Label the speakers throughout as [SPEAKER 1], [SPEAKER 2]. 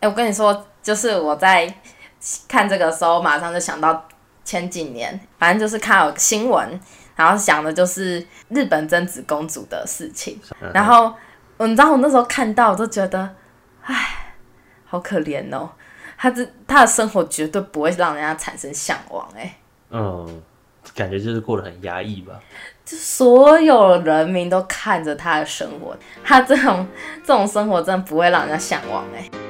[SPEAKER 1] 哎、欸，我跟你說，就是我在看這個的時候，馬上就想到前幾年，反正就是看有新聞，然後想的就是日本真子公主的事情。嗯、然後你知道，我那時候看到，就覺得，哎，好可憐哦，她這她的生活絕對不會讓人家產生向往、欸。
[SPEAKER 2] 哎，嗯，感覺就是過得很壓抑吧？
[SPEAKER 1] 就所有人民都看着她的生活，她這種這種生活真的不會讓人家向往、欸。哎。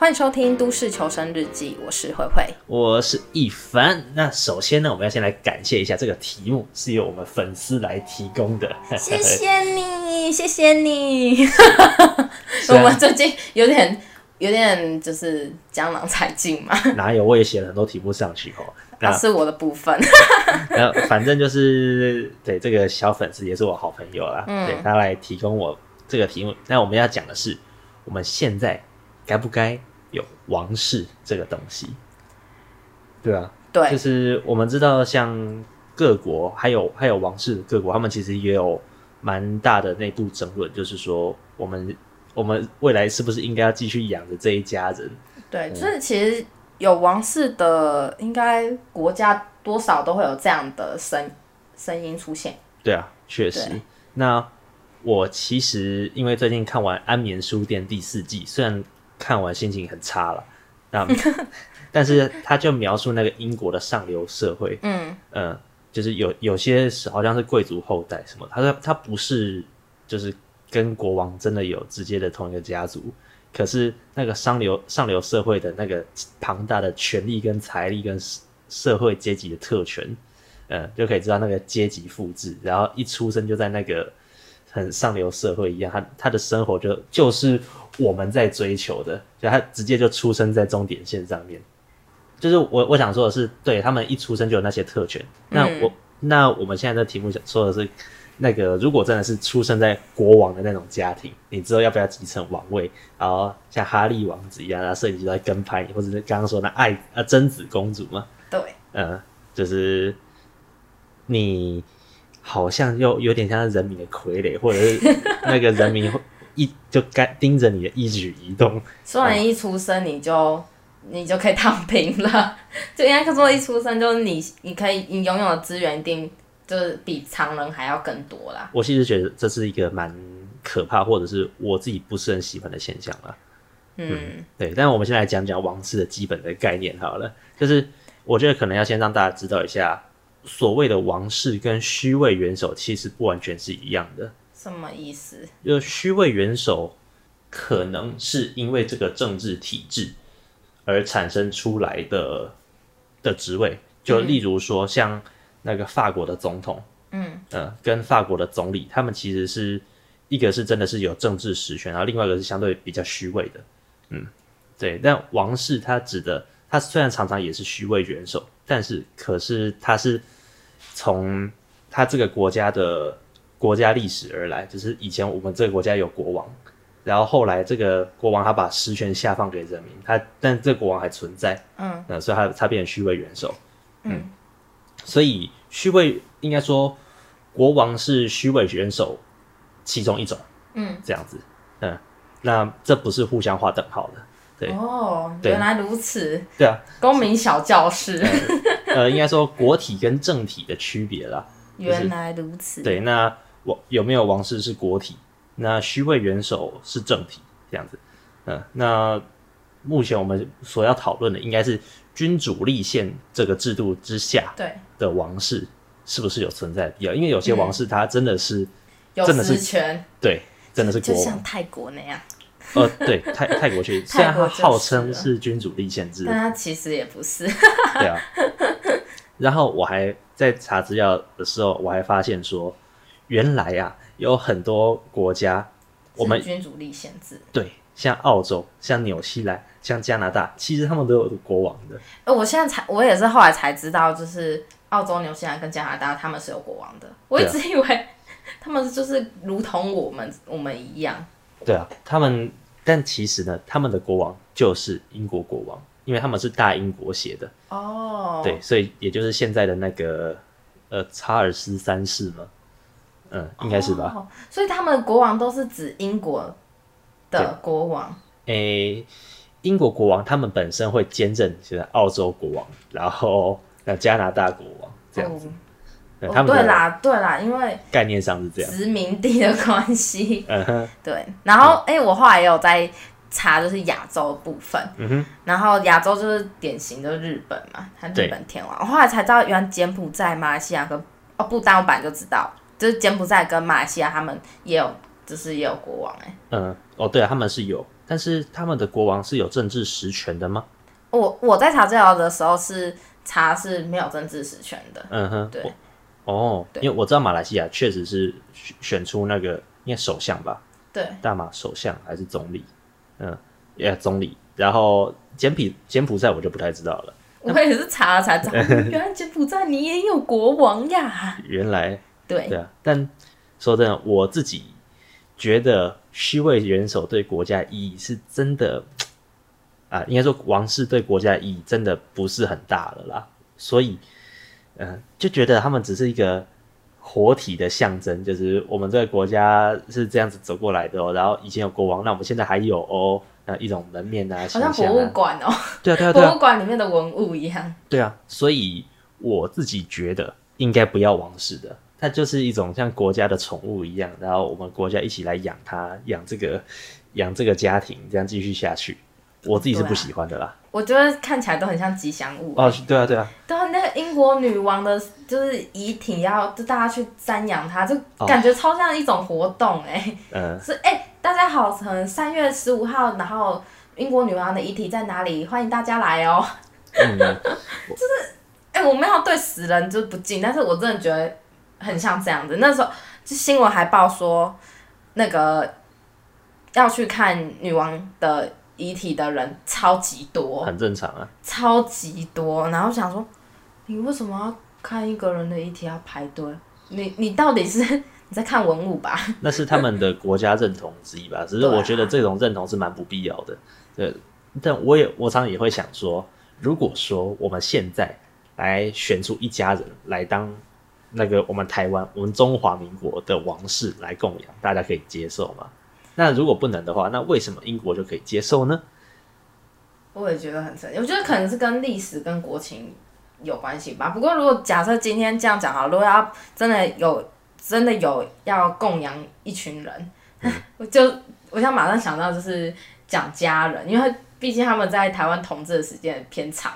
[SPEAKER 1] 歡迎收聽《都市求生日記》，我是慧慧，
[SPEAKER 2] 我是易凡。那首先呢，我們要先來感謝一下這個題目是由我們粉絲來提供的，謝謝
[SPEAKER 1] 你， 謝謝你。
[SPEAKER 2] 啊、我們最
[SPEAKER 1] 近有點有點就是江郎才盡嘛，
[SPEAKER 2] 哪有，我也寫了很多題目上去哦、喔，那、啊、是
[SPEAKER 1] 我的部分。
[SPEAKER 2] 反正就是對，這個小粉絲也是我好朋友啦，嗯、對他來提供我這個題目。那我們要講的是，我們現在該不該？有王室這個東西，對啊，對，就是我們知道，像各國還有還有王室的各國他們其實也有蠻大的內部爭論，就是說，我們我們未來是不是應該要繼續養着這一家人？
[SPEAKER 1] 對，所以、嗯、其實有王室的，應該國家多少都會有這樣的聲聲音出現。
[SPEAKER 2] 對啊，確實。對那我其實因為最近看完《安眠書店》第四季，雖然。看完心情很差了，那，但是他就描述那個英國的上流社會，嗯、 呃、就是有有些好像是貴族後代什麼，他說他不是就是跟國王真的有直接的同一個家族，可是那個上流上流社會的那個龐大的權力跟財力跟社會階級的特權，嗯、呃，就可以知道那個階級複製，然後一出生就在那個。很上流社會一樣，他他的生活就就是我們在追求的，就他直接就出生在終點線上面。就是我我想說的是，對他們一出生就有那些特權。那我、嗯、那我們現在的題目想說的是，那個如果真的是出生在國王的那種家庭，你知道要不要繼承王位？然後像哈利王子一樣，然後攝影機來跟拍你，或者是剛剛說那愛啊，真、呃、子公主嘛。對，嗯、呃，就是你。好像又有點像人民的傀儡，或者是那個人民一、 一就該盯着你的一舉一動。
[SPEAKER 1] 雖然一出生你就、嗯、你就可以躺平了，就應該說一出生就是你，你可以你擁有的資源一定就是比常人還要更多啦。我
[SPEAKER 2] 其實覺得這是一個蠻可怕，或者是我自己不是很喜歡的現象了。嗯，嗯對。但是我們先來講講王室的基本的概念好了，就是我覺得可能要先讓大家知道一下。所謂的王室跟虛位元首其實不完全是一樣的。
[SPEAKER 1] 什麼意思？
[SPEAKER 2] 就虛位元首，可能是因為這個政治體制而產生出來的的職位。就例如說，像那個法國的總統，嗯，呃，跟法國的總理，他們其實是一個是真的是有政治實權，然後另外一個是相對比較虛位的，嗯，對。但王室他指的，他雖然常常也是虛位元首。但是，可是他是從他這個國家的國家歷史而來，就是以前我們這個國家有國王，然後後來這個國王他把實權下放給人民，他但這個國王還存在，嗯，所以他他變成虛位元首，嗯，嗯，所以虛位應該說國王是虛位元首其中一種，嗯，這樣子，嗯，那這不是互相畫等號的。
[SPEAKER 1] 對哦，原來如此。對，對啊，公民小教室是，
[SPEAKER 2] 呃，應該說國體跟政體的區別啦。就是、
[SPEAKER 1] 原來如此。對，
[SPEAKER 2] 那我有沒有王室是國體？那虛位元首是政體，這樣子、呃。那目前我們所要討論的應該是君主立憲這個制度之下，對的王室是不是有存在的必要？對因為有些王室它真的是，嗯、
[SPEAKER 1] 真的是權，
[SPEAKER 2] 全對，真的是國就像
[SPEAKER 1] 泰國那樣。
[SPEAKER 2] 呃，對泰泰國去，國雖然它號稱是君主立憲制，但它
[SPEAKER 1] 其實也不是。
[SPEAKER 2] 對啊。然後我還在查資料的時候，我還發現說，原來啊，有很多國家我們是君
[SPEAKER 1] 主立憲制，
[SPEAKER 2] 對，像澳洲、像紐西蘭、像加拿大，其實他們都有國王的。
[SPEAKER 1] 我現在才我也是後來才知道，就是澳洲、紐西蘭跟加拿大，他們是有國王的。我一直以為他們就是如同我們我們一樣。
[SPEAKER 2] 對啊，他們。但其實呢，他們的國王就是英國國王，因為他們是大英國寫的
[SPEAKER 1] 哦，Oh. 對，
[SPEAKER 2] 所以也就是現在的那個呃查爾斯三世嘛，嗯，應該是吧。Oh.
[SPEAKER 1] 所以他們的國王都是指英國的國王。
[SPEAKER 2] 誒、欸，英國國王他們本身會兼任現在澳洲國王，然後加拿大國王這樣子。Oh. 對，哦、對啦，
[SPEAKER 1] 對啦，因為
[SPEAKER 2] 概念上是這樣，殖
[SPEAKER 1] 民地的關係。嗯哼，對。然後，哎、嗯欸，我後來也有在查，就是亞洲部分。嗯哼。然後亞洲就是典型的日本嘛，它日本天王。對。我後來才知道，原來柬埔寨、馬來西亞和哦，不，但我本來就知道，就是柬埔寨跟馬來西亞他們也有，就是也有國王哎、欸。嗯，
[SPEAKER 2] 哦，對啊，他們是有，但是他們的國王是有政治實權的嗎？
[SPEAKER 1] 我我在查這條的時候是查是沒有政治實權的。嗯哼，
[SPEAKER 2] 對。哦，oh, 對因為我知道馬來西亞確實是選出那個應該首相吧，對，大馬首相還是總理，嗯，也總理。然後柬埔寨，柬埔寨我就不太知道
[SPEAKER 1] 了。我也是查查查，原來柬埔寨你也有國王呀？
[SPEAKER 2] 原來，對對啊。但說真的，我自己覺得虛位元首對國家意義是真的，啊，應該說王室對國家意義真的不是很大了啦，所以。嗯，就覺得他們只是一個活體的象徵，就是我們這個國家是這樣子走過來的哦，然後以前有國王，那我們現在還有哦，呃，一種門面啊，好像博物館哦，對啊對啊，對啊博物
[SPEAKER 1] 館裡面的文物一樣。
[SPEAKER 2] 對啊，所以我自己覺得應該不要王室的，嗯，它就是一種像國家的寵物一樣，然後我們國家一起來養它，養這個養這個家庭，這樣繼續下去。我自己是不喜歡的啦、
[SPEAKER 1] 啊。我覺得看起來都很像吉祥物哦、
[SPEAKER 2] 欸。Oh, 對啊，對啊。
[SPEAKER 1] 對啊，那個英國女王的，就是遺體要，就大家去瞻仰她，就感覺超像一種活動哎、欸。嗯、oh. 是、欸、哎，大家好，可能三月十五號，然後英國女王的遺體在哪裡？歡迎大家來哦、喔。 就是哎、欸，我們要對死人就不敬，但是我真的覺得很像這樣子。那時候就新聞還報說，那個要去看女王的。遺體的人超級多，
[SPEAKER 2] 很正常啊。
[SPEAKER 1] 超級多，然後想說，你為什麼要看一個人的遺體要排隊？你你到底是你在看文物
[SPEAKER 2] 吧？那是他們的國家認同之一吧？ 只是我覺得這種認同是蠻不必要的。對啊。對，但我也我常常也會想說，如果說我們現在來選出一家人來當那個我們台灣我們中華民國的王室來供養，大家可以接受嗎？那如果不能的話，那為什麼英國就可以接受呢？
[SPEAKER 1] 我也覺得很神奇，我覺得可能是跟歷史跟國情有關係吧。不過如果假設今天這樣講好，如果要真的有真的有要供養一群人，嗯、 我就我想馬上想到就是蔣家人，因為畢竟他們在台灣統治的時間偏長。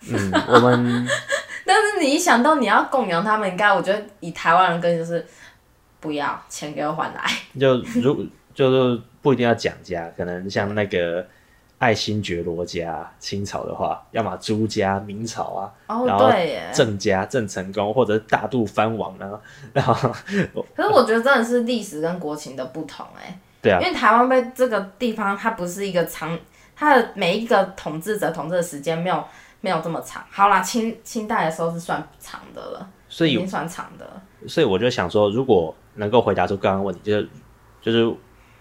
[SPEAKER 1] 嗯，我們。 但是你一想到你要供養他們，應該我覺得以台灣人跟就是不要錢給我還來
[SPEAKER 2] 就如。 就是不一定要蔣家，可能像那個愛新覺羅家，清朝的話，要麼朱家，明朝啊，對、oh, 然後鄭家，鄭耶成功，或者大肚藩王呢、啊。然後，
[SPEAKER 1] 可是我覺得真的是歷史跟國情的不同哎。 對啊，因為台灣被這個地方，它不是一個長，它的每一個統治者統治的時間沒有沒有這麼長。好啦，清清代的時候是算長的了，所以已經算長的了。
[SPEAKER 2] 所以我就想說，如果能夠回答出剛剛問題，就是就是。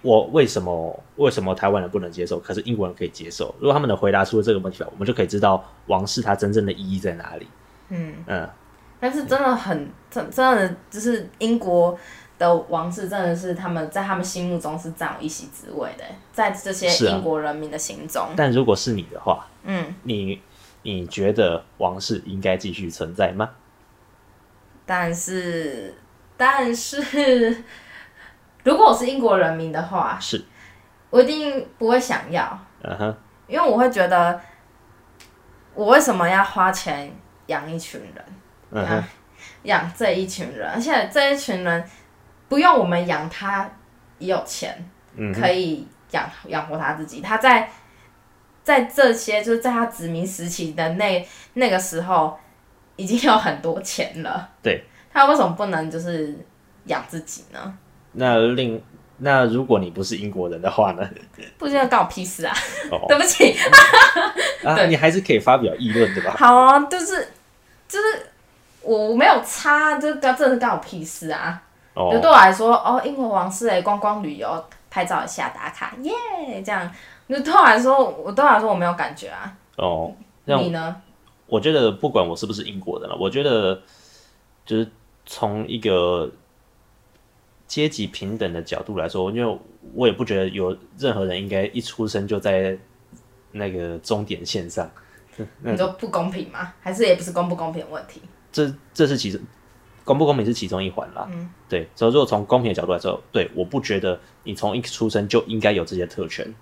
[SPEAKER 2] 我為什麼為什麼台灣人不能接受？可是英國人可以接受。如果他們能回答出這個問題來，我們就可以知道王室它真正的意義在哪裡。嗯嗯，
[SPEAKER 1] 嗯，但是真的很真，真的就是英國的王室真的是他們在他們心目中是佔有一席之位的，在這些英國人民的心中。是啊，但
[SPEAKER 2] 如果是你的話，嗯，你你覺得王室應該繼續存在嗎？
[SPEAKER 1] 但是，但是。如果我是英國人民的話，是我一定不會想要。Uh huh. 因為我會覺得，我為什麼要花錢養一群人？
[SPEAKER 2] 養、
[SPEAKER 1] uh huh. 啊、養這一群人，而且這一群人不用我們養，他也有錢，uh huh. 可以養養活他自己。他在在這些，就是在他殖民時期的那那個時候，已經有很多錢了。對，他為什麼不能就是養自己呢？
[SPEAKER 2] 那另那如果你不是英國人的話呢？
[SPEAKER 1] 不知道，干我屁事啊！哦
[SPEAKER 2] ，oh. 對不起，啊， 對你還是可以發表議論對吧？
[SPEAKER 1] 好啊，就是就是我沒有差，這干這是干我屁事啊！
[SPEAKER 2] 哦，oh. 就對我
[SPEAKER 1] 來說，哦，英國王室哎，觀光旅遊拍照一下打卡，耶、yeah!，這樣就對我來說，我對我來說我沒有感覺啊。
[SPEAKER 2] 哦，oh. 你呢？我覺得不管我是不是英國人了，我覺得就是從一個。階級平等的角度來說，因為我也不覺得有任何人應該一出生就在那個終點線上。 那個、你說
[SPEAKER 1] 不公平嗎？還是也不是公不公平的問
[SPEAKER 2] 題？這這是其實公不公平是其中一環啦。嗯、對，所以如果從公平的角度來說，對，我不覺得你從一出生就應該有這些特權。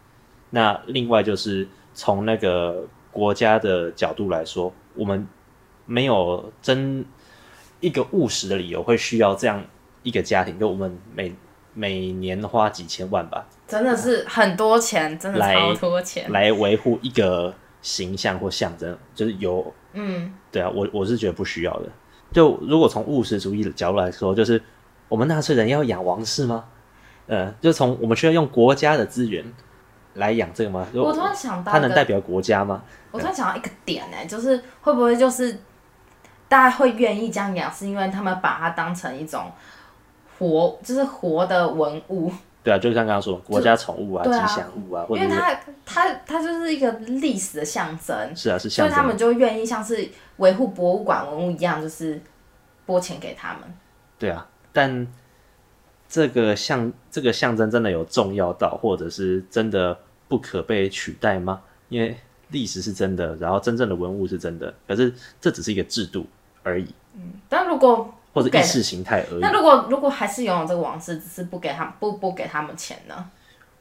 [SPEAKER 2] 那另外就是從那個國家的角度來說，我們沒有真一個務實的理由會需要這樣。一個家庭就我們每每年花幾千萬吧，
[SPEAKER 1] 真的是很多錢，嗯、真的超多錢來
[SPEAKER 2] 維護一個形象、或象徵，就是有嗯，對啊，我我是覺得不需要的。就如果從務實主義的角度來說，就是我們納稅人要養王室嗎？呃、嗯，就從我們需要用國家的資源來養這個嗎？我突然
[SPEAKER 1] 想到，他能代表國家嗎？我突然想到一個點呢，嗯、就是會不會就是大家會願意這樣養，是因為他們把它當成一種。活就是活的文物，
[SPEAKER 2] 對啊，就像剛剛說國家寵物啊、就吉祥物啊，啊因為它
[SPEAKER 1] 它它就是一個歷史的象徵，是啊，是象徵，所以他們就願意像是維護博物館文物一樣，就是撥錢給他們。
[SPEAKER 2] 對啊，但這個象這個象徵真的有重要到，或者是真的不可被取代嗎？因為歷史是真的，然後真正的文物是真的，可是這只是一個制度而已。嗯，
[SPEAKER 1] 但如果。或者意識
[SPEAKER 2] 形態而已。Okay. 那如果
[SPEAKER 1] 如果還是擁有這個王室，只是不給他們不不給他們錢呢？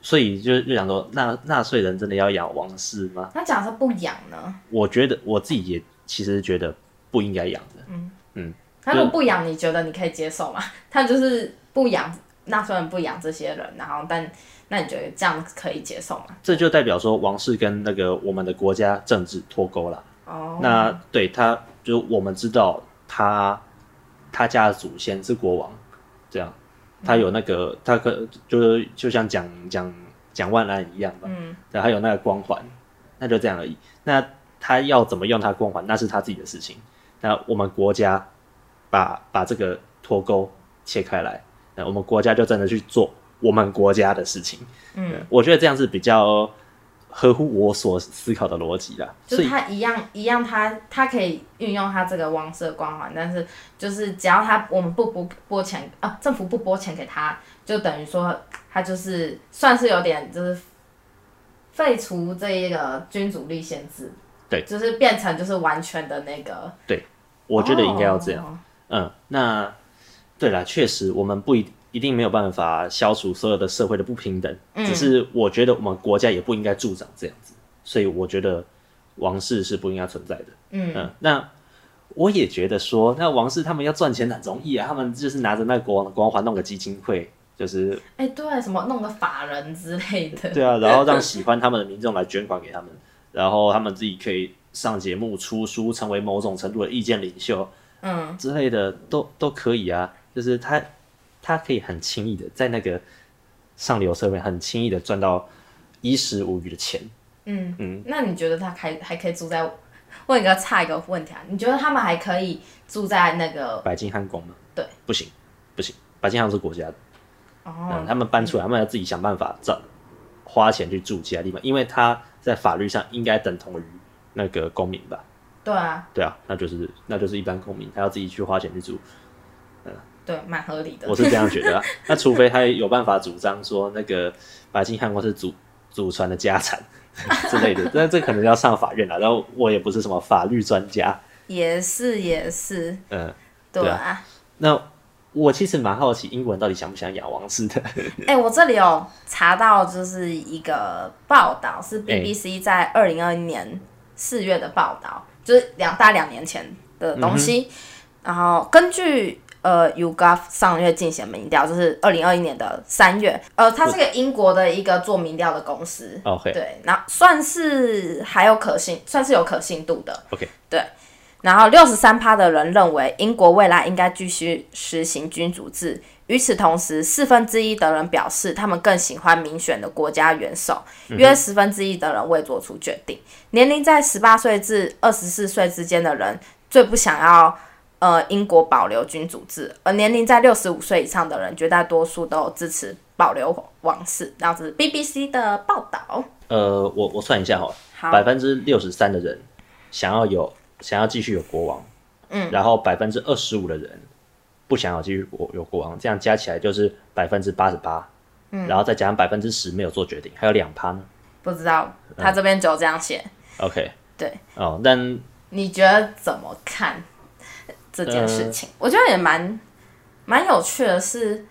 [SPEAKER 2] 所以就就想說，納納稅人真的要養王室嗎？那
[SPEAKER 1] 假設不養呢？
[SPEAKER 2] 我覺得我自己也其實覺得不應該養的。嗯嗯。那、嗯就是、他如果不
[SPEAKER 1] 養，你覺得你可以接受嗎？他就是不養納稅人，不養這些人，然後但那你覺得這樣可以接受嗎？
[SPEAKER 2] 這就代表說王室跟那個我們的國家政治脫鈎了。哦。Oh. 那對他，就我們知道他。他家的祖先是國王，這樣、啊，他有那個他可就是就像蔣蔣蔣萬安一樣吧，嗯，對，他有那個光環，那就這樣而已。那他要怎麼用他光環，那是他自己的事情。那我們國家把把這個脫鈎切開來，那我們國家就真的去做我們國家的事情。嗯、啊，我覺得這樣是比較。合乎我所思考的邏輯啦，就是他
[SPEAKER 1] 一樣以一樣，他，他他可以運用他這個王室光環，但是就是只要他我們不撥撥錢啊，政府不撥錢給他，就等於說他就是算是有點就是廢除這一個君主立憲制，
[SPEAKER 2] 對，就是
[SPEAKER 1] 變成就是完全的那個，
[SPEAKER 2] 對，我覺得應該要這樣，哦、嗯，那對了，確實我們不一定。一定沒有辦法消除所有的社會的不平等，嗯、只是我覺得我們國家也不應該助長這樣子，所以我覺得王室是不應該存在的。嗯嗯，那我也覺得說，那王室他們要賺錢很容易啊，他們就是拿着那個國王的光環弄個基金會，就是
[SPEAKER 1] 哎、欸、對、啊，什麼弄個法人之類的，對啊，然後讓
[SPEAKER 2] 喜歡他們的民眾來捐款給他們， 然後他們自己可以上節目、出書，成為某種程度的意見領袖，嗯之類的都都可以啊，就是他。他可以很輕易的在那個上流社會，很輕易的賺到衣食無虞的錢。嗯嗯，嗯那
[SPEAKER 1] 你覺得他還還可以住在？問一個差一個問題啊，你覺得他們還可以住在那個
[SPEAKER 2] 白金漢宮嗎？對，不行，不行，白金漢是國家。哦、嗯，他們搬出來，嗯、他們要自己想辦法找花錢去住其他地方，因為他在法律上應該等同於那個公民吧？對啊，對啊，那就是那就是一般公民，他要自己去花錢去住。
[SPEAKER 1] 對，蠻合理的。我是這樣覺得、啊，
[SPEAKER 2] 那、 啊、除非他有辦法主張說那個白金漢宮是祖 祖傳的家產之類的，那 這可能要上法院了。然後我也不是什麼法律專家，
[SPEAKER 1] 也是也是，嗯，
[SPEAKER 2] 對、啊。對啊、那我其實蠻好奇，英國人到底想不想養王室的？ 哎、欸，
[SPEAKER 1] 我這裡有查到，就是一個報道，是 BBC 在二零二一年四月的報道，欸、就是兩大兩年前的東西。嗯、哼然後根據。呃 YouGov 上月進行民調，就是二零二一年的三月。呃，它是一個英國的一個做民調的公司。Oh, hey. 對，那算是還有可信，算是有可信度的。OK，對。然後六十三趴的人認為英國未來應該繼續實行君主制。與此同時，四分之一的人表示他們更喜歡民選的國家元首。約十分之一的人未做出決定。Mm hmm. 年齡在十八歲至二十四歲之間的人最不想要。呃，英國保留君主制，而年齡在六十五歲以上的人，絕大多數都支持保留王室。這樣子，BBC 的報道。
[SPEAKER 2] 呃，我我算一下哦，百分之六十三的人想要有，想要繼續有國王，嗯，然後百分之二十五的人不想要繼續有國王，這樣加起來就是百分之八十八，嗯，然後再加上百分之十沒有做決定，還有兩趴呢，
[SPEAKER 1] 不知道。他這邊只有這樣寫、嗯。
[SPEAKER 2] OK。對。哦，但
[SPEAKER 1] 你覺得怎麼看？這件事情，呃、我覺得也蠻蠻有趣的是，是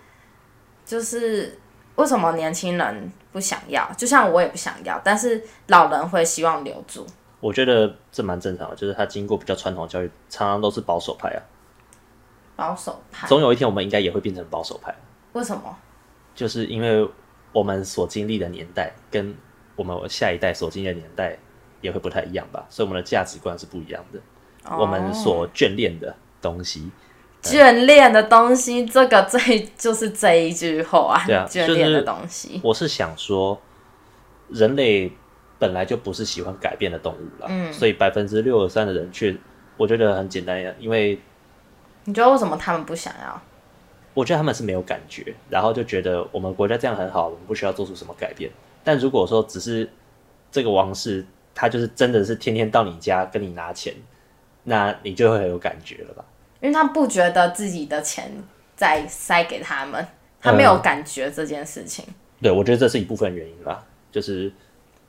[SPEAKER 1] 就是為什麼年輕人不想要，就像我也不想要，但是老人會希望留住。
[SPEAKER 2] 我覺得這蠻正常的，就是他經過比較傳統的教育，常常都是保守派啊，保守派。總有一天我們應該也會變成保守派。為什麼？就是因為我們所經歷的年代跟我們下一代所經歷的年代也會不太一樣吧，所以我們的價值觀是不一樣的，哦、我們所眷戀的。東西，嗯、
[SPEAKER 1] 眷戀的東西，這個最就是這一句話、啊。對、啊、眷戀的東
[SPEAKER 2] 西、就是，我是想說，人類本來就不是喜歡改變的動物了，嗯，所以百分之六十三的人卻，我覺得很簡單呀，因為
[SPEAKER 1] 你覺得為什麼他們不想要？
[SPEAKER 2] 我覺得他們是沒有感覺，然後就覺得我們國家這樣很好，我們不需要做出什麼改變。但如果說只是這個王室，他就是真的是天天到你家跟你拿錢，那你就會很有感覺了吧？
[SPEAKER 1] 因為他不覺得自己的錢在塞給他們，他沒有感覺這件事情。
[SPEAKER 2] 嗯、對，我覺得這是一部分原因吧，就是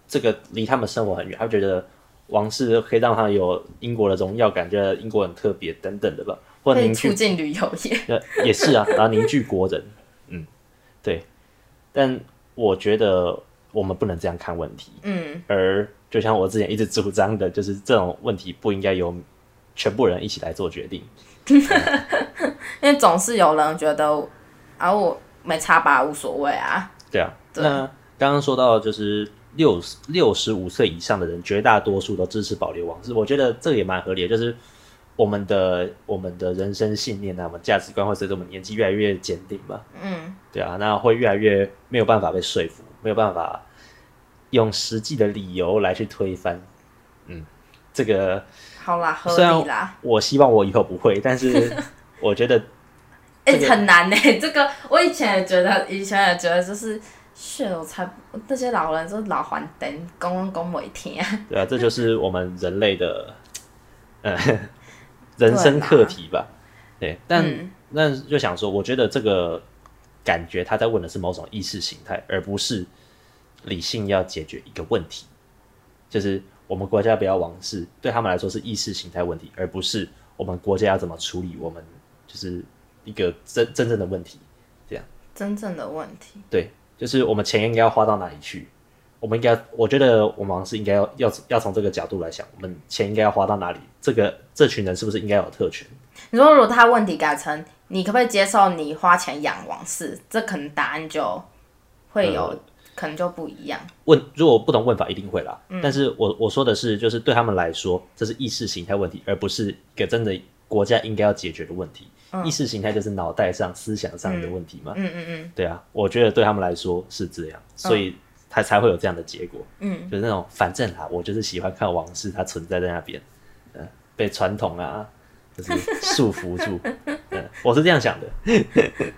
[SPEAKER 2] 這個離他們生活很遠，他覺得王室可以讓他有英國的榮耀感，覺得英國很特別等等的吧。或者可以促進旅
[SPEAKER 1] 遊業。也也是啊，然後
[SPEAKER 2] 凝聚國人。 嗯，對。但我覺得我們不能這樣看問題。嗯。而就像我之前一直主張的，就是這種問題不應該由全部人一起來做決定。
[SPEAKER 1] 因為總是有人覺得啊，我沒差吧，無所謂啊。
[SPEAKER 2] 對啊，對那剛剛說到就是六六十五歲以上的人，絕大多數都支持保留王室。我覺得這個也蠻合理的，就是我們的我們的人生信念啊，我們價值觀，會隨着我們年紀越來越堅定嘛。嗯，對啊，那會越來越沒有辦法被說服，沒有辦法用實際的理由來去推翻。嗯，這個。
[SPEAKER 1] 好啦，合理啦。
[SPEAKER 2] 我希望我以後不會， 但是我覺得、這個，哎、欸，很
[SPEAKER 1] 難呢、欸。這個我以前也覺得，以前也覺得，就是血肉才，這些老人就是老黃燈，恭恭維聽、
[SPEAKER 2] 啊。對啊，這就是我們人類的，呃、人生課題吧。對，啦對，但、嗯、但就想說，我覺得這個感覺他在問的是某種意識形態，而不是理性要解決一個問題，就是。我們國家不要王室，對他們來說是意識形態問題，而不是我們國家要怎麼處理。我們就是一個真真正的問題，這樣
[SPEAKER 1] 真正的問題，
[SPEAKER 2] 對，就是我們錢應該要花到哪裡去？我們應該，我覺得我們是應該要要要從這個角度來想，我們錢應該要花到哪裡？這個這群人是不是應該有特權？
[SPEAKER 1] 你說，如果他問題改成你可不可以接受你花錢養王室？這可能答案就會有。呃可能就不一樣。
[SPEAKER 2] 問如果不懂，問法一定會啦，嗯、但是我我說的是，就是對他們來說，這是意識形態問題，而不是一個真的國家應該要解決的問題。嗯、意識形態就是腦袋上、思想上的問題嘛。嗯，嗯嗯嗯。對啊，我覺得對他們來說是這樣，嗯、所以他才會有這樣的結果。嗯，就是那種反正啊，我就是喜歡看王室，它存在在那邊，呃，被傳統啊，就是束縛住。 嗯、我是這樣想的，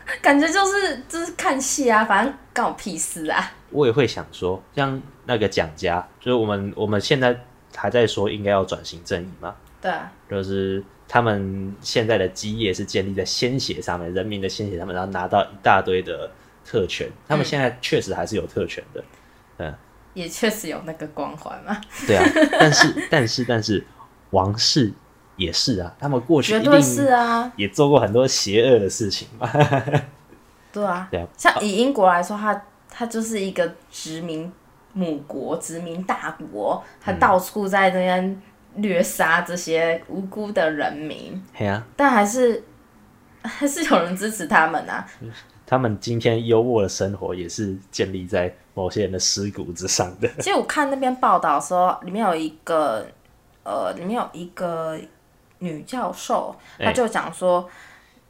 [SPEAKER 1] 感覺就是就是看戲啊，反正管我屁事啊。
[SPEAKER 2] 我也會想說，像那個蔣家，就是我們我們現在還在說應該要轉型正義嘛，嗯、對、啊，就是他們現在的基業是建立在鮮血上面，人民的鮮血上面，然後拿到一大堆的特權，他們現在確實還是有特權的，嗯，嗯
[SPEAKER 1] 也確實有那個光環嘛。 對啊，但是
[SPEAKER 2] 但是但是，王室。也是啊，他們過去絕對是啊，也做過很多邪惡的事情。對
[SPEAKER 1] 啊，對啊，像以英國來說，他他就是一個殖民母國、殖民大國，他到處在那邊虐殺這些無辜的人民。對啊，但還是還是有人支持他們啊。
[SPEAKER 2] 他們今天優渥的生活也是建立在某些人的屍骨之上的。其實我
[SPEAKER 1] 看那邊報道說，裡面有一個呃，裡面有一個。女教授，她就講說，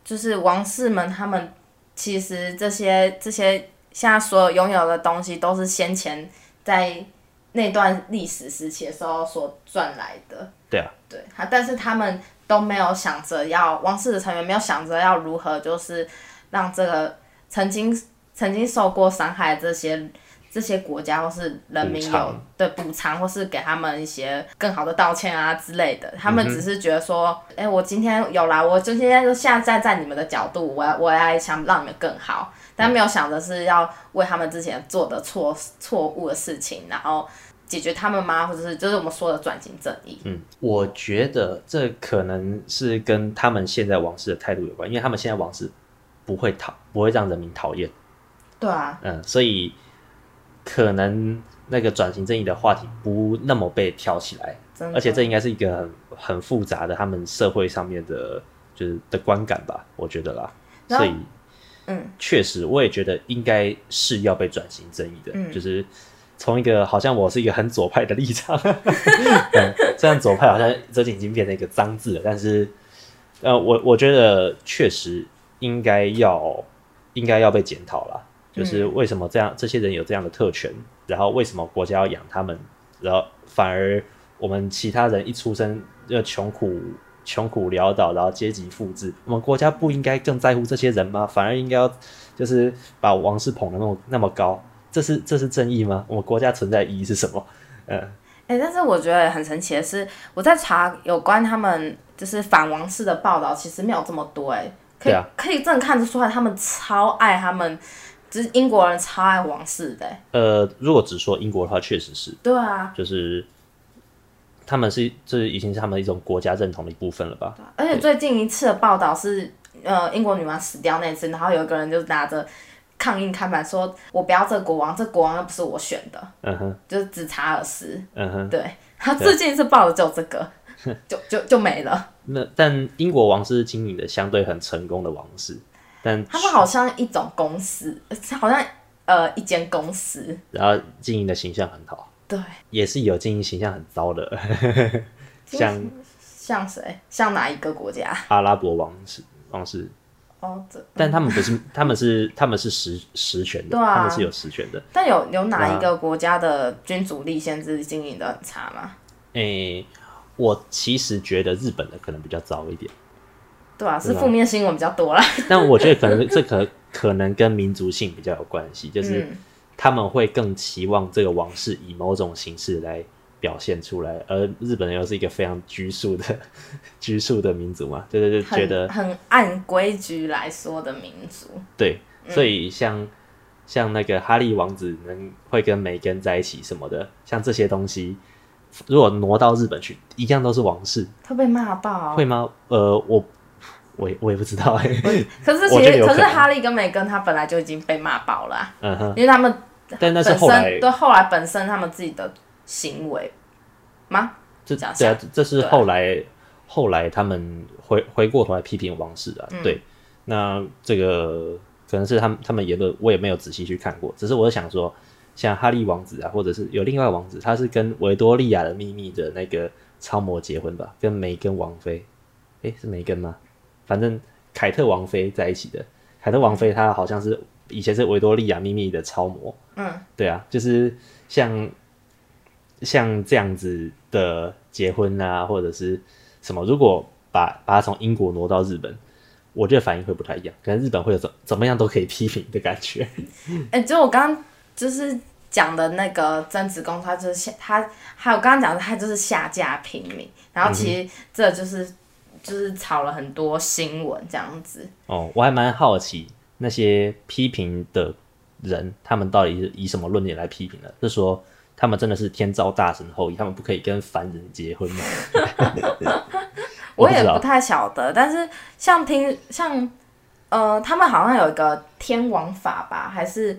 [SPEAKER 1] 就是王室們他們其實這些這些現在所有擁有的東西，都是先前在那段歷史時期的時候所賺來的。對啊、欸，對，他但是他們都沒有想着要王室的成員沒有想着要如何就是讓這個曾經曾經受過傷害的這些。這些國家或是人民有的補償，償或是給他們一些更好的道歉啊之類的，嗯、哼他們只是覺得說，哎、欸，我今天有來，我就現在就現在站在你們的角度，我要我要想讓你們更好，但沒有想着是要為他們之前做的錯錯誤的事情，然後解決他們嗎？或者是就是我們說的轉型正義？嗯，
[SPEAKER 2] 我覺得這可能是跟他們現在王室的態度有關，因為他們現在王室不會討，不會讓人民討厭。
[SPEAKER 1] 對啊。嗯，
[SPEAKER 2] 所以。可能那個轉型正義的話題不那麼被挑起來，的而且這應該是一個很，很複雜的他們社會上面的就是的觀感吧，我覺得啦。後所以，嗯，確實我也覺得應該是要被轉型正義的，嗯、就是從一個好像我是一個很左派的立場， 嗯、雖然左派好像最近已經變成一個髒字了， 但是呃，我我覺得確實應該要應該要被檢討了。就是為什麼這樣、嗯、這些人有這樣的特權，然後為什麼國家要養他們，然後反而我們其他人一出生就窮苦窮苦潦倒，然後階級複製，我們國家不應該更在乎這些人嗎？反而應該要就是把王室捧得那麼那麼高，這是這是正義嗎？我們國家存在意義是什麼？嗯，哎、
[SPEAKER 1] 欸，但是我覺得很神奇的是，我在查有關他們就是反王室的報道，其實沒有這麼多、欸，哎，可以可以真的看得出來，他們超愛他們。就是英國人超愛王室的、欸。
[SPEAKER 2] 呃，如果只說英國的話，確實是。對啊。就是他們是這已經是他們一種國家認同的一部分了吧？啊、對而且
[SPEAKER 1] 最近一次的報道是，呃，英國女王死掉那一次，然後有一個人就拿着抗議看板說：“我不要這個國王，這個、國王又不是我選的。”嗯
[SPEAKER 2] 哼。
[SPEAKER 1] 就是指查爾斯。嗯
[SPEAKER 2] 哼。對他對最近一次
[SPEAKER 1] 報的只有這個， 就就就沒了。
[SPEAKER 2] 那但英國王室經營的相對很成功的王室。但
[SPEAKER 1] 他們好像一種公司，啊、好像呃，一間公司，
[SPEAKER 2] 然後經營的形象很好，對，也是有經營形象很糟的， 像
[SPEAKER 1] 像誰？像哪一個國家？
[SPEAKER 2] 阿拉伯王室，王室。
[SPEAKER 1] 哦、但他們不
[SPEAKER 2] 是， 他們是他們是實實權的，啊、他們是有實權的。但
[SPEAKER 1] 有有哪一個國家的君主立憲制經營的很差嗎？
[SPEAKER 2] 誒、欸，我其實覺得日本的可能比較糟一點。
[SPEAKER 1] 對啊，是負面新聞比較多啦。但我覺得可能這
[SPEAKER 2] 可可能跟民族性比較有關係， 就是他們會更期望這個王室以某種形式來表現出來，而日本人又是一個非常拘束的拘束的民族嘛，就是覺得很,很
[SPEAKER 1] 按規矩來說的民族。
[SPEAKER 2] 對，所以像像那個哈利王子能會跟梅根在一起什麼的，像這些東西如果挪到日本去，一樣都是王室，
[SPEAKER 1] 會被罵爆。會
[SPEAKER 2] 嗎？呃，我。我也我也不知道哎。 可是其實，可，可是哈
[SPEAKER 1] 利跟梅根他本來就已經被罵爆了，嗯哼，
[SPEAKER 2] 因為他
[SPEAKER 1] 們本身對，那是後來，對，後來本身他們自己的行為嗎？
[SPEAKER 2] 這樣對啊，這是後來、啊、後來他們回回過頭來批評王室啊。對，嗯、那這個可能是他們他們言論，我也沒有仔細去看過。只是我是想說，像哈利王子啊，或者是有另外王子，他是跟維多利亞的秘密的那個超模結婚吧？跟梅根王妃，誒、欸，是梅根嗎？反正凱特王妃在一起的。凱特王妃她好像是以前是維多利亞秘密的超模，嗯，對啊，就是像像這樣子的結婚啊或者是什麼，如果把把她從英國挪到日本，我覺得反應會不太一樣，可能日本會有怎怎麼樣都可以批評的感覺。
[SPEAKER 1] 哎、欸，就我剛剛就是講的那個真子公，他就是下他還有剛剛講的他就是下嫁平民，然後其實這就是、嗯。就是炒了很多新聞這樣子
[SPEAKER 2] 哦，我還蠻好奇那些批評的人，他們到底是以什麼論點來批評的？是說他們真的是天照大神後裔，他們不可以跟凡人結婚嗎？ 我也不太
[SPEAKER 1] 曉得，但是像聽像呃，他們好像有一個天王法吧，還是？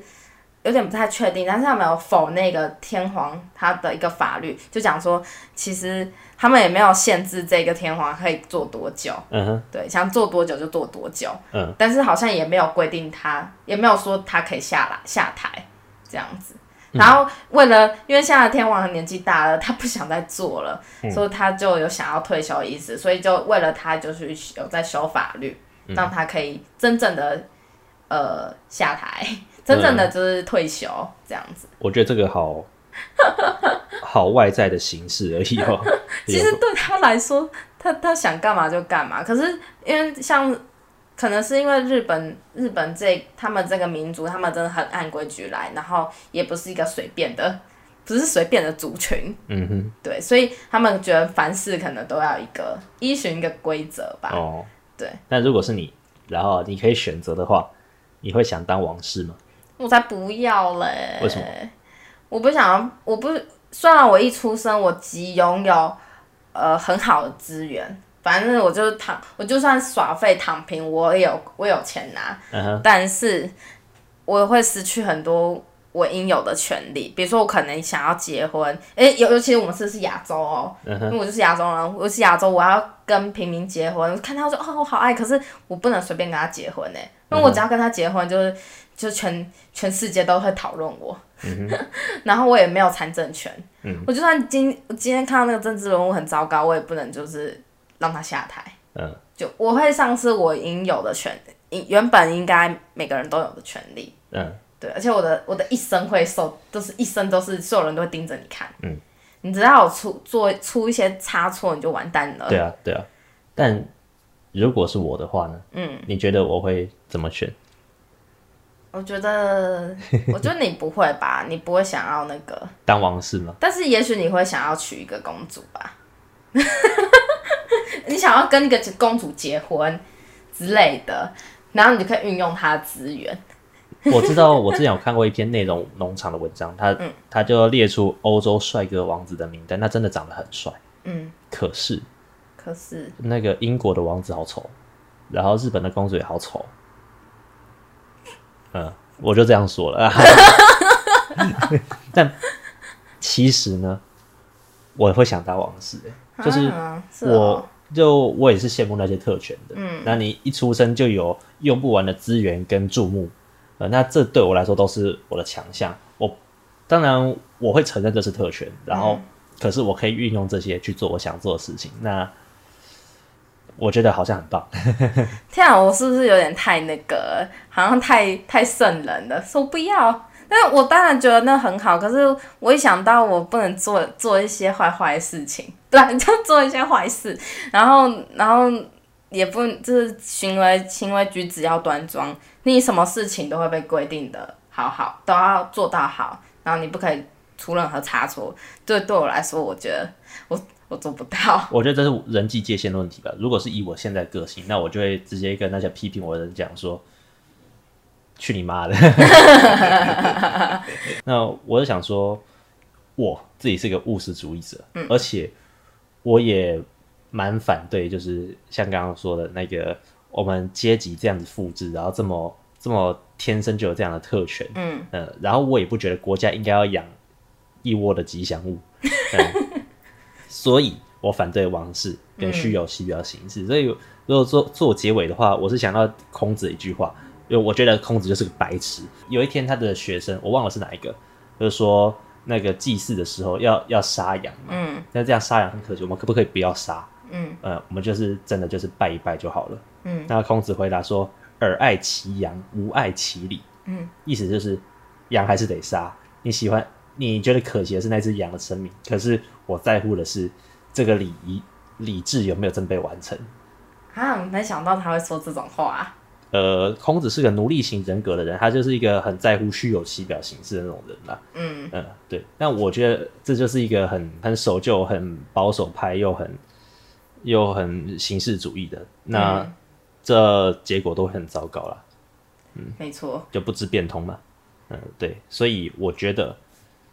[SPEAKER 1] 有點不太確定，但是他沒有否那個天皇他的一個法律，就講說，其實他們也沒有限制這個天皇可以做多久，嗯哼對，想做多久就做多久，嗯，但是好像也沒有規定他，也沒有說他可以下來下台這樣子。然後為了，嗯、因為現在天皇年紀大了，他不想再做了，嗯、所以他就有想要退休的意思，所以就為了他，就是有在修法律，讓他可以真正的呃下台。真正的就是退休，嗯、這樣子，
[SPEAKER 2] 我覺得這個好好外在的形式而已哦、喔。 其實
[SPEAKER 1] 對他來說，他他想幹嘛就幹嘛。可是因為像可能是因為日本日本這他們這個民族，他們真的很按規矩來，然後也不是一個隨便的，不是隨便的族群。嗯
[SPEAKER 2] 哼，
[SPEAKER 1] 對，所以他們覺得凡事可能都要一個依循一個規則吧。哦，對。
[SPEAKER 2] 那如果是你，然後你可以選擇的話，你會想當王室嗎？
[SPEAKER 1] 我才不要嘞！為什麼？我不想要，我不，雖然我一出生，我即擁有呃很好的資源。反正我就躺，我就算耍廢躺平，我也有我也有錢拿。嗯哼。但是我會失去很多我應有的權利。比如說，我可能想要結婚，哎、欸，尤尤其是我們是是亞洲哦、喔，嗯哼。因為我就是亞洲人，尤其亞洲，我要跟平民結婚，看他說哦，我好愛，可是我不能隨便跟他結婚呢、欸。因為我只要跟他結婚，就是，就全全世界都會討論我，嗯、哼 然後我也沒有參政權，嗯、哼我就算今我今天看到那個政治人物很糟糕，我也不能就是讓他下台，嗯、就我會喪失我應有的權，原本應該每個人都有的權利，嗯、對，而且我的我的一生會受，就是一生都是所有人都會盯着你看，嗯、你只要我出做出一些差錯你就完蛋了，對啊
[SPEAKER 2] 對啊，但。如果是我的話呢？嗯，你覺得我會怎麼選？
[SPEAKER 1] 我覺得，我覺得你不會吧？ 你不會想要那個
[SPEAKER 2] 當王室嗎？
[SPEAKER 1] 但是，也許你會想要娶一個公主吧？ 你想要跟一個公主結婚之類的，然後你就可以運用她的資源。 我知道，我之前有
[SPEAKER 2] 看過一篇內容農場的文章，他他、嗯、就列出歐洲帥哥王子的名單，他真的長得很帥。嗯，可是。可是那個英國的王子好醜，然後日本的公主也好醜，嗯，我就這樣說了。 但其實呢，我也會想當王室，就是我、啊是哦、就我也是羨慕那些特權的。嗯，那你一出生就有用不完的資源跟注目、嗯，那這對我來說都是我的強項。我當然我會承認這是特權，然後可是我可以運用這些去做我想做的事情。那我覺得好像很棒。
[SPEAKER 1] 天啊，我是不是有點太那個？好像太太聖人了，說不要。但是我當然覺得那很好。可是我一想到我不能做做一些壞壞的事情，對，就做一些壞事，然後然後也不就是行為行為舉止要端莊。你什麼事情都會被規定的，好好都要做到好，然後你不可以出任何差錯。對，對我來說，我覺得我。我做不到，
[SPEAKER 2] 我覺得這是人際界限的問題吧。如果是以我現在個性，那我就會直接跟那些批評我的人講說：“去你媽的！”那我就想說，我自己是個務實主義者，嗯、而且我也蠻反對，就是像剛剛說的那個，我們階級這樣子複製，然後這麼這麼天生就有這樣的特權，嗯，嗯，然後我也不覺得國家應該要養一窩的吉祥物。嗯 所以我反對王室跟虛有其表形式。嗯。所以如果做做結尾的話，我是想到孔子一句話，因為我覺得孔子就是個白痴。有一天他的學生，我忘了是哪一個，就是說那個祭祀的時候要要殺羊嘛。嗯。那這樣殺羊很可惜，我們可不可以不要殺？嗯。呃，我們就是真的就是拜一拜就好了。嗯。那孔子回答說：“爾愛其羊，吾愛其禮。”嗯。意思就是羊還是得殺，你喜歡。你覺得可惜的是那隻羊的生命，可是我在乎的是這個禮儀禮制有沒有真被完成
[SPEAKER 1] 啊？沒想到他會說這種話啊。
[SPEAKER 2] 呃，孔子是個奴隸型人格的人，他就是一個很在乎虛有其表形式的那種人啦。嗯嗯，對。那我覺得這就是一個很很守舊、很保守派又很又很形式主義的，那、嗯、這結果都很糟糕啦。嗯，沒錯，就不知變通嘛。嗯，對。所以我覺得。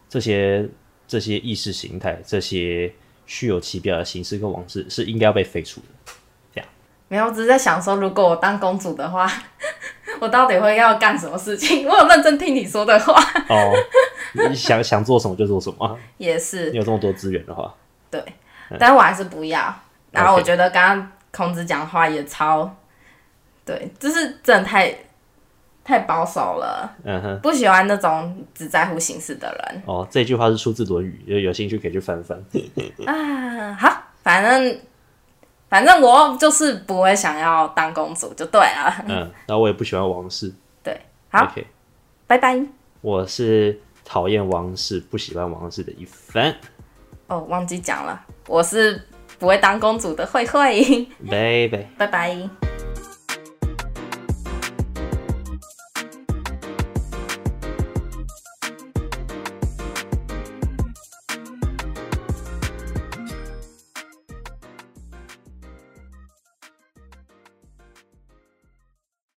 [SPEAKER 2] 這些這些意識形態，這些虛有其表的形式跟往事，是應該要被廢除的。這
[SPEAKER 1] 樣沒有，我只是在想說，如果我當公主的話，我到底會要幹什麼事情？我有認真聽你說的話。
[SPEAKER 2] 哦，你想 想做什麼就做什麼，也是。你有這麼多資源的話，對，嗯，但我還是不要。然後我覺
[SPEAKER 1] 得剛剛孔子講話也超，Okay. 對，就是真的太。太保守了，嗯
[SPEAKER 2] 哼，不喜歡
[SPEAKER 1] 那種只在乎形式的人。
[SPEAKER 2] 哦，這句話是出自《論語》，有，有有興趣可以去翻翻。
[SPEAKER 1] 啊，好，反正反正我就是不會想要當公主，就對了。
[SPEAKER 2] 嗯，那我也不喜歡王室。
[SPEAKER 1] 對，好，Okay. 拜拜。
[SPEAKER 2] 我是討厭王室，不喜歡王室的一番。
[SPEAKER 1] 哦，忘記講了，我是不會當公主的，蕙蕙。
[SPEAKER 2] 拜拜，
[SPEAKER 1] 拜拜。